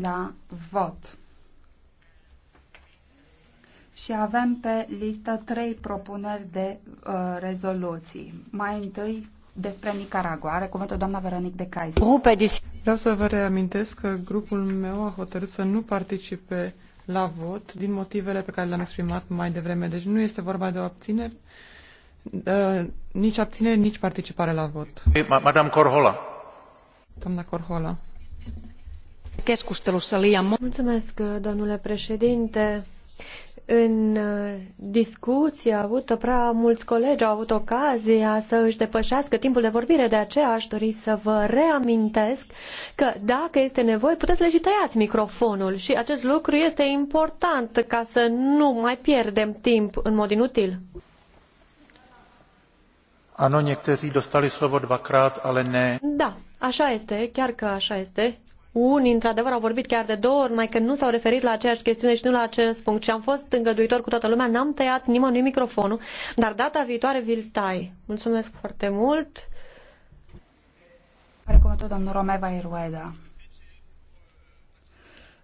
la vot. Și avem pe listă trei propuneri de uh, rezoluții. Mai întâi despre Nicaragua. Are cuvântul doamna Veronic de Caiz. Vreau să vă reamintesc că grupul meu a hotărât să nu participe la vot din motivele pe care le-am exprimat mai devreme. Deci nu este vorba de o abținere, uh, nici abținere, nici participare la vot. Madame Corhola. Doamna Corhola keskustelussa liian... Mulțumesc, domnule președinte. În uh, discuția avută avut prea mulți colegi, au avut ocazia să își depășească timpul de vorbire, de aceea aș dori să vă reamintesc că dacă este nevoie puteți le și tăiați microfonul și acest lucru este important ca să nu mai pierdem timp în mod inutil. Ano, někteří dostali slovo dvakrát, ale ne. Da, așa este, chiar că așa este. Unii, într-adevăr, au vorbit chiar de două ori, numai că nu s-au referit la aceeași chestiune și nu la acest punct. Și am fost îngăduitor cu toată lumea, n-am tăiat nimănui microfonul, dar data viitoare vi-l tai. Mulțumesc foarte mult. Are domnul Romeva Irueda.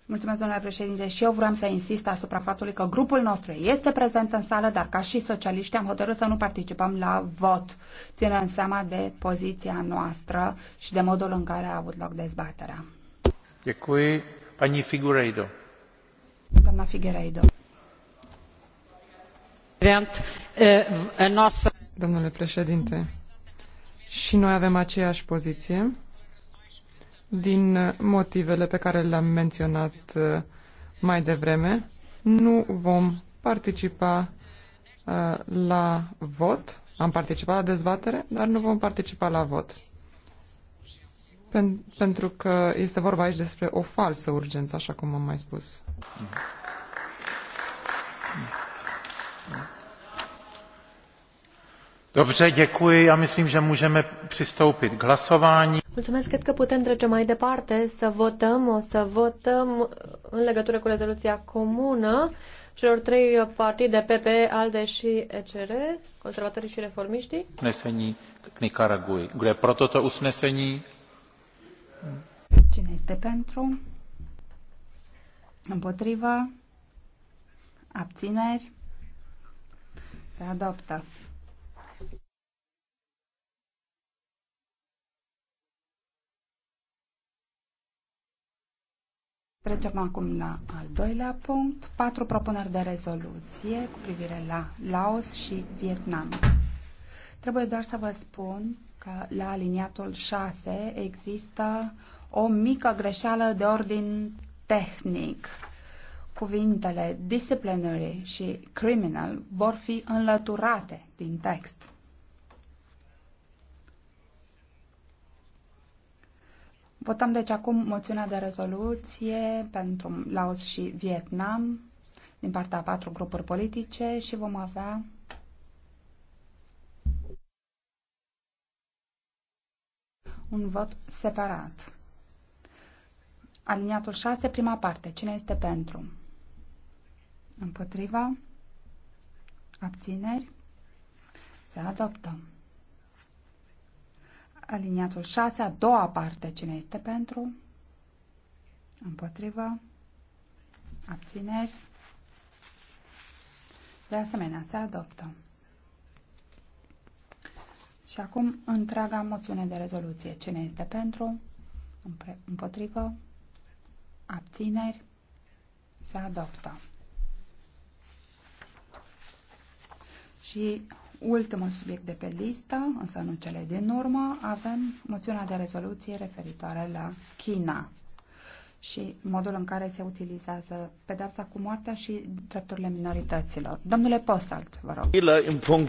Mulțumesc, domnule președinte. Și eu vreau să insist asupra faptului că grupul nostru este prezent în sală, dar ca și socialiști am hotărât să nu participăm la vot, ținând seama de poziția noastră și de modul în care a avut loc dezbaterea. Domnule președinte, și noi avem aceeași poziție din motivele pe care le-am menționat uh, mai devreme. Nu vom participa uh, la vot, am participat la dezbatere, dar nu vom participa la vot pen, pentru că este vorba aici despre o falsă urgență, așa cum am mai spus. Dobře, děkuji. Já myslím, že můžeme přistoupit k hlasování. Mulțumesc, cred că putem trece mai departe, să votăm, o să votăm în legătură cu rezoluția comună celor trei partide, PPE, ALDE și ECR, conservatorii și reformiștii. Usnesení k Nikaragui. Kdo je pro toto usnesení? Cine este pentru? Împotrivă? Abțineri? Se adoptă. Trecem acum la al doilea punct, patru propuneri de rezoluție cu privire la Laos și Vietnam. Trebuie doar să vă spun că la aliniatul 6 există o mică greșeală de ordin tehnic. Cuvintele disciplinary și criminal vor fi înlăturate din text. Votăm deci acum moțiunea de rezoluție pentru Laos și Vietnam din partea a patru grupuri politice și vom avea un vot separat. Aliniatul 6, prima parte. Cine este pentru? Împotriva? Abțineri? Se adoptă. Aliniatul 6, a doua parte. Cine este pentru? Împotriva? Abțineri? De asemenea, se adoptă. Și acum întreaga moțiune de rezoluție. Cine este pentru? Împotrivă? Abțineri? Se adoptă. Și ultimul subiect de pe listă, însă nu cele din urmă, avem moțiunea de rezoluție referitoare la China și modul în care se utilizează pedeapsa cu moartea și drepturile minorităților. Domnule Postalt, vă rog.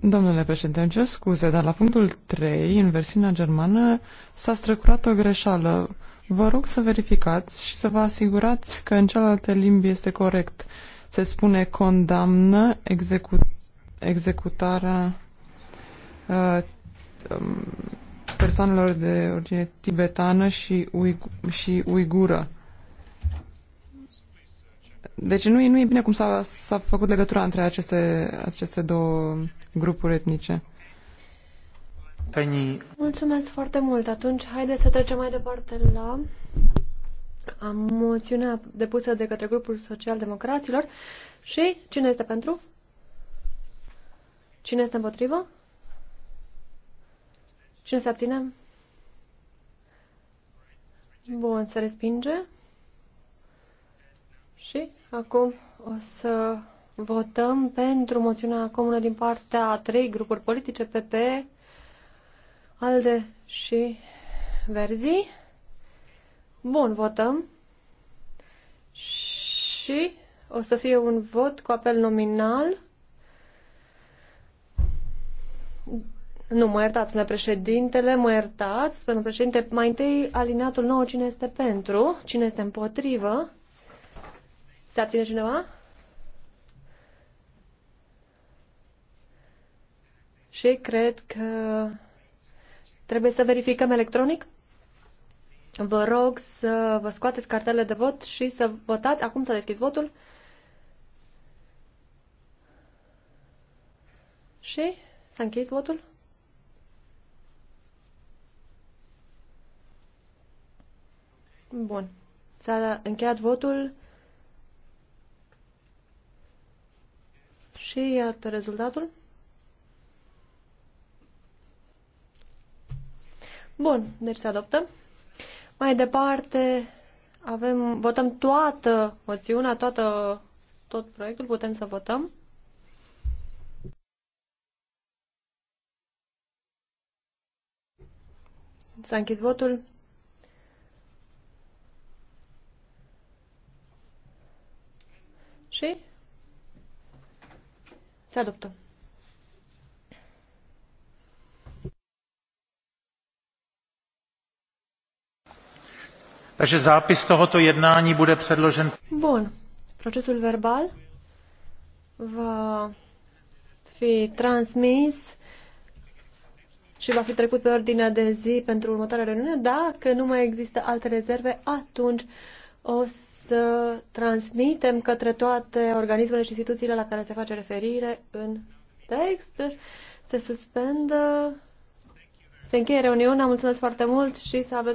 Domnule președinte, îmi cer scuze, dar la punctul 3, în versiunea germană, s-a străcurat o greșeală. Vă rog să verificați și să vă asigurați că în cealaltă limbi este corect. Se spune condamnă execu- executarea uh, um, persoanelor de origine tibetană și, uig- și uigură. Deci nu, nu e bine cum s-a, s-a făcut legătura între aceste, aceste două grupuri etnice. Pani... Mulțumesc foarte mult. Atunci, haideți să trecem mai departe la moțiunea depusă de către grupul social-democraților. Și cine este pentru? Cine este împotrivă? Cine se abține? Bun, se respinge. Și acum o să votăm pentru moțiunea comună din partea a trei grupuri politice, PP, ALDE și Verzi. Bun, votăm. Și o să fie un vot cu apel nominal. Nu, mă iertați, spune președintele, mă iertați, spune președinte. Mai întâi, alineatul nou, cine este pentru? Cine este împotrivă? Se abține cineva? Și cred că trebuie să verificăm electronic. Vă rog să vă scoateți cartele de vot și să votați. Acum s-a deschis votul. Și s-a închis votul. Bun. S-a încheiat votul și iată rezultatul. Bun, deci se adoptă. Mai departe avem, votăm toată moțiunea, toată, tot proiectul, putem să votăm. S-a închis votul. și se adoptă. Takže zápis tohoto jednání bude předložen. Bun. Procesul verbal va fi transmis și va fi trecut pe ordinea de zi pentru următoarea reuniune. Dacă nu mai există alte rezerve, atunci o să transmitem către toate organismele și instituțiile la care se face referire în text. Se suspendă. Se încheie reuniunea. Mulțumesc foarte mult și să aveți